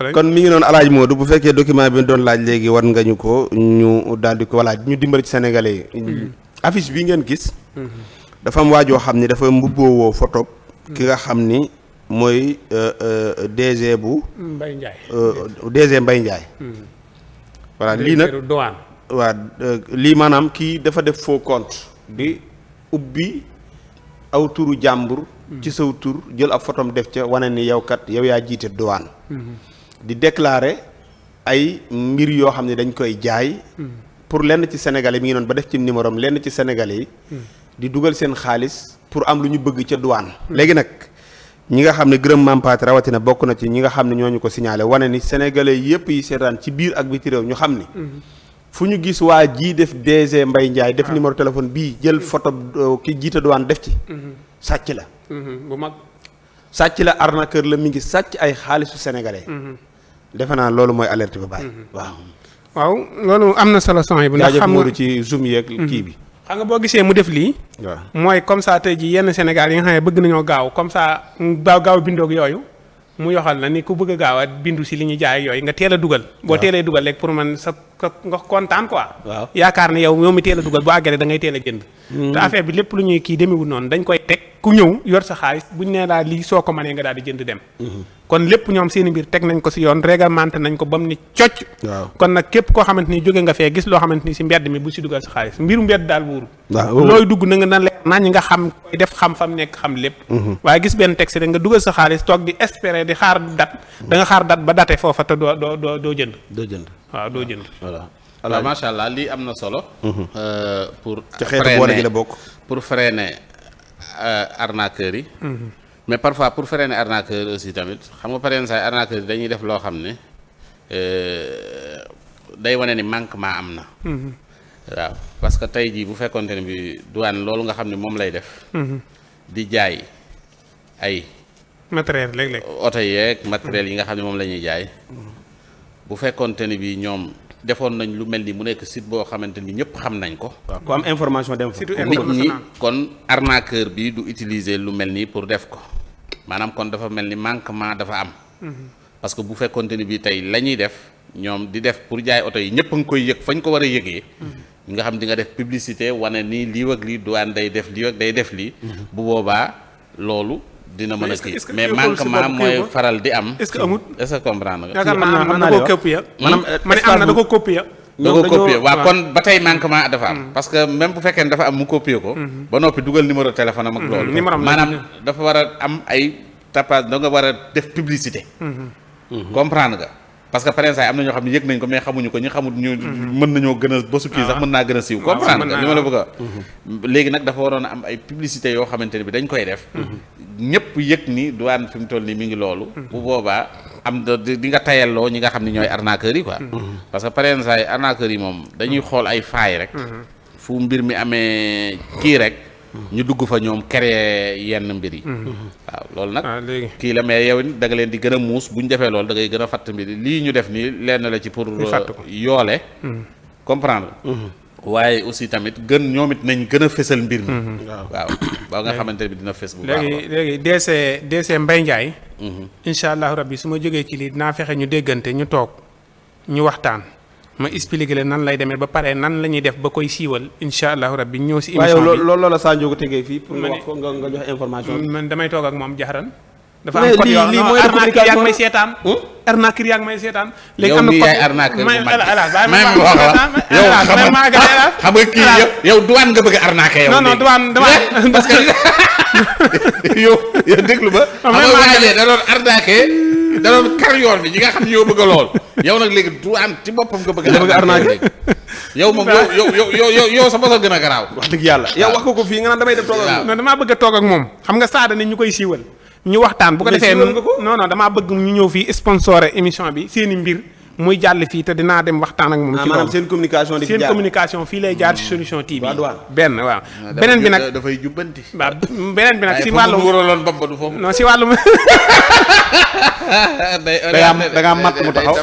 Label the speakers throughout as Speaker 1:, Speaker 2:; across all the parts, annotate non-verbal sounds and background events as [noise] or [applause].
Speaker 1: kon mi ngi noonu alaaj
Speaker 2: Modou bu fekkee document bi doon laaj léegi war nga ñu ko ñu daal di ko voilà ñu dimbali ci sénégalais yi. Mm-hmm. bi ngeen gis. Mm-hmm. dafa am waajoo xam ni dafa mbubboo photo mm-hmm. ki nga xam ni mooy euh, euh, DG bu. Mbaye Ndiaye euh, DG Mbaye lii nag waa lii maanaam kii dafa def faux compte di ubbi aw turu jàmbur. ci saw tur jël ab photom def ca wane ni yow kat yow yaa jiite dowaan di déclarer ay mbir yoo xam ne dañ koy jaay. pour lenn ci Sénégalais mi ngi noonu ba def ci numéro am lenn ci Sénégalais yi. di dugal seen xaalis pour am lu ñu bëgg ca duwaan léegi nag ñi nga xam ne gërëm mampaate rawatina bokk na ci ñi nga xam ne ñoo ñu ko signalé wane ni sénégalais yëpp yi seetaan ci biir ak biti réew ñu xam ni. fu ñu gis waa jii def DG mbay Ndiaye def ah. numéro téléphone bii jël mm. photo euh, ki jiite douane def ci. Mm-hmm. sàcc la.
Speaker 3: Mm-hmm. bu mag
Speaker 2: sàcc la arnaqueur la mi ngi sàcc ay xaalisu sénégalais. Mm-hmm. defe naa loolu mooy alerte ba bàyyi. Mhm. waaw
Speaker 3: waaw loolu am na solo son yi. bu ndax xam nga ci zoom
Speaker 2: yeeg mhm. bi.
Speaker 3: xam nga boo gisee mu def lii. waaw mooy comme ça tey jii yenn Sénégal yi nga xam ne bëgg nañoo gaaw comme ça gaaw gaaw bindoog yooyu. mu yoxal la ni ku bëgg a gaaw a bindu si li ñu jaay yooyu nga teel dugal. boo teelee dugal rek pour man sa nga kontaan quoi. waaw yaakaar ne yow yow mi teel dugal boo àggalee da ngay teel a jënd. Mhm. te affaire bi lépp lu ñuy kii demewul noonu dañ koy teg ku ñëw yor sa xaalis buñ nee laa lii soo ko mënee nga daal di jënd dem. kon lépp ñoom seen i mbir teg nañ ko si yoon réglementé nañ ko ba mu ni cocc kon nag képp koo xamante ni jóge nga fee gis loo xamante ni si mbedd mi bu si dugal sa xaalis mbiru mbedd daal wóoru looy dugg na nga na naa nañ nga xam koy def xam fam nekk xam lépp mhm. waaye gis benn texte rek nga dugal sa xaalis toog di espérer di xaar dat da xaar dat ba date foofa te doo doo doo doo jënd
Speaker 1: doo jënd waaw doo jënd voilà macha allah lii am na solo mhm. euh, pour ci xeetu boor gi la bokk pour freiner euh, arnaqueurs yi mhm. mais parfois pour freiner arnaqueur aussi tamit xam nga pareen saay arnaqueur dañuy def loo xam ne euh, day wane ni manquement am na. Mhm. waaw parce que tey jii bu fekkonte ne bi douane loolu nga xam ne moom lay def. Mhm. di jaay ay. matériel léeg-léeg oto yeeg matériel yi nga xam ne moom lañuy jaay. bu fekkonte ni bi ñoom defoon nañ lu mel ni mu nekk sit boo xamante ni ñëpp xam nañ ko. waaw ku am information dem fa. nit ñi kon arnaqueur bi du utiliser lu mel nii pour def ko. maanaam kon dafa mel ni manquement dafa am. Mhm. parce que bu fekkonte ni bii tey la ñuy def ñoom di def pour jaay oto yi ñëpp a ngi koy yëg fañ ko war a yëgee. Mhm. nga xam di nga def publicité wane nii lii ak lii douane day def lii ak day def lii. Mhm. bu boobaa loolu. dina mën a kii mais manquement mooy faral di am. est-ce que amut est-ce am na da koo copier da ko waa kon ba tey manquement dafa am mm. parce que même bu fekkee ne dafa am mu copier ko mm-hmm. ba noppi dugal numéro téléphone am ak mm-hmm. loolu maanaam dafa war a am ay tapage da nga war a def publicité mm-hmm. comprendre nga parce que parents am na ñoo xam ne yëg nañ ko mais xamuñu ko ñi xamul ñu mhm. mën nañoo gën a basu kii sax ah. mën naa gën a siiw comprendre li ma a mhm. léegi nag dafa waroon a am ay publicité yoo xamante ne bi dañ koy def mhm. ñëpp yëg ni douane fi mu toll nii mi ngi loolu bu boobaa am di nga tayalloo ñi nga xam ne ñooy arnaqueurs yi quoi parce que parents arnaqueurs yi moom dañuy xool ay faay rek fu mbir mi amee kii rek ñu dugg fa ñoom créer yenn mbir yi. Mhm. waaw loolu nag. Ah, kii la mais yow da nga leen di gën a muus bu ñu defee lool da ngay gën a fàtt mbir yi lii ñu def nii lenn la ci pour. Euh, yoole mhm. comprendre mhm. waaye aussi tamit gën ñoom it nañ gën a fësal mbir mi. waaw ba nga xamante bi dina fës bu baax
Speaker 3: léegi léegi DC Ndiaye. incha allahu rabbi su ma jogee ci lii dinaa fexe ñu déggante ñu toog ñu waxtaan. ma expliqué leen nan lay demee ba pare nan lañuy def ba koy siiwal incha allahu bi ñëw si. émission bi waaye loolu loolu la Sadio ko tegee fii. pour wax ko nga jox information man damay toog ak moom jaxaran dafa am code yoo xam ne arnaque may seetaan. arnaque yaa ngi seetaan. léegi am na yow mii yaay arnaque man mi
Speaker 1: a arnaqué yow. [laughs] parce que [laughs] yow déglu ma. xam nga waajee da bi ñi nga xam ne yow bëgg lool yow nag léegi douane ci boppam nga bëgg a arnaqué yow moom [laughs] yow yow yow a yow sa gën a garaaw. wax
Speaker 3: dëgg yàlla yow wax
Speaker 1: ko ko fii nga naan damay def toog ak moom. bëgg toogak moom xam nga
Speaker 3: saada ni ñu koy siiwal ñu waxtaan bu ko defee non non damaa bëgg ñu ñëw fii sponsoré émission bi seeni mbir muy jàll fii te dinaa dem waxtaan ak moom. Ah, ci maanaam seen communication di seen communication fii lay jaar ci hmm. solution TV. benn waaw. Ah, beneen bi nag dafay jubbanti. waaw beneen bi nag si wàllum wëraloon bambadu foofu. non si wàllum. [laughs] day am da ngaa mat mu taxaw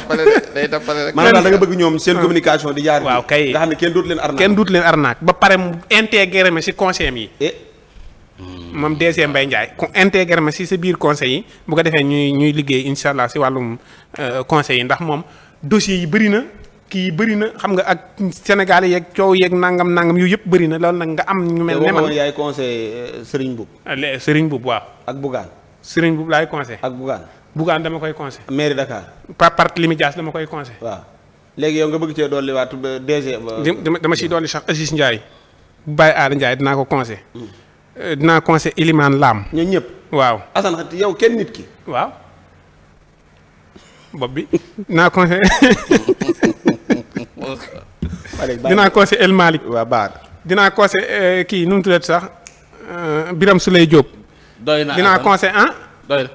Speaker 1: day tappale rek. maanaam
Speaker 3: bëgg ñoom seen communication di jaar. waaw kay nga xam ne kenn duut leen arnaque. kenn duut leen arnaque ba pare mu intégré ma si conseil yi. moom DC Mbaye Ndiaye ku intégré ma si sa biir conseil yi bu ko defee ñuy ñuy liggéey incha allah si wàllum euh, conseil yi ndax moom dossiers yi bëri na kii bëri na xam nga ak Sénégal yeeg coow yeeg nangam nangam yu yëpp bëri na loolu nag nga am ñu mel ne man yaay conseil euh, Serigne Boub Serigne Boub waaw ak Bougane Serigne Boub laay conseil ak Bougane Bougane dama koy conseil mairie Dakar par Barthélémy Dias dama koy conseil waa
Speaker 2: léegi yow nga bëgg cee dolli waat euh, DG
Speaker 3: dama siy dolli sax Ndiaye bu bàyyi Aly Ndiaye ko conseil mm. Euh, dinaa conseil Ilimane Lam. ñooñu ñëpp waaw. Assane xati yow kenn nit ki. waaw bopp dinaa conseil dinaa conseil El Malick. waaw Baar dinaa conseil euh, kii nu mu sax euh, Biram Souley Diop. doy na dinaa conseil ah. doy na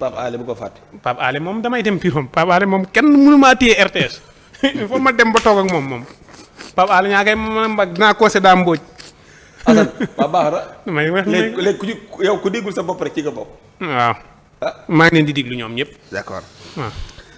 Speaker 3: Waly bu ko fàtte. Pape Alé moom damay dem biirom Pape Alé moom kenn mënu maa téye RTS [laughs] il faut ma dem ba toog ak moom moom Pape Alé ñaa koy ma mbag dinaa conseil daa Mbodj. Assane ba baax na. may wax léegi
Speaker 2: léegi ku yow ku déggul sa bopp rek ci nga bopp.
Speaker 3: waaw. Ah. maa ngi leen di diglu ñoom ñëpp.
Speaker 2: d'accord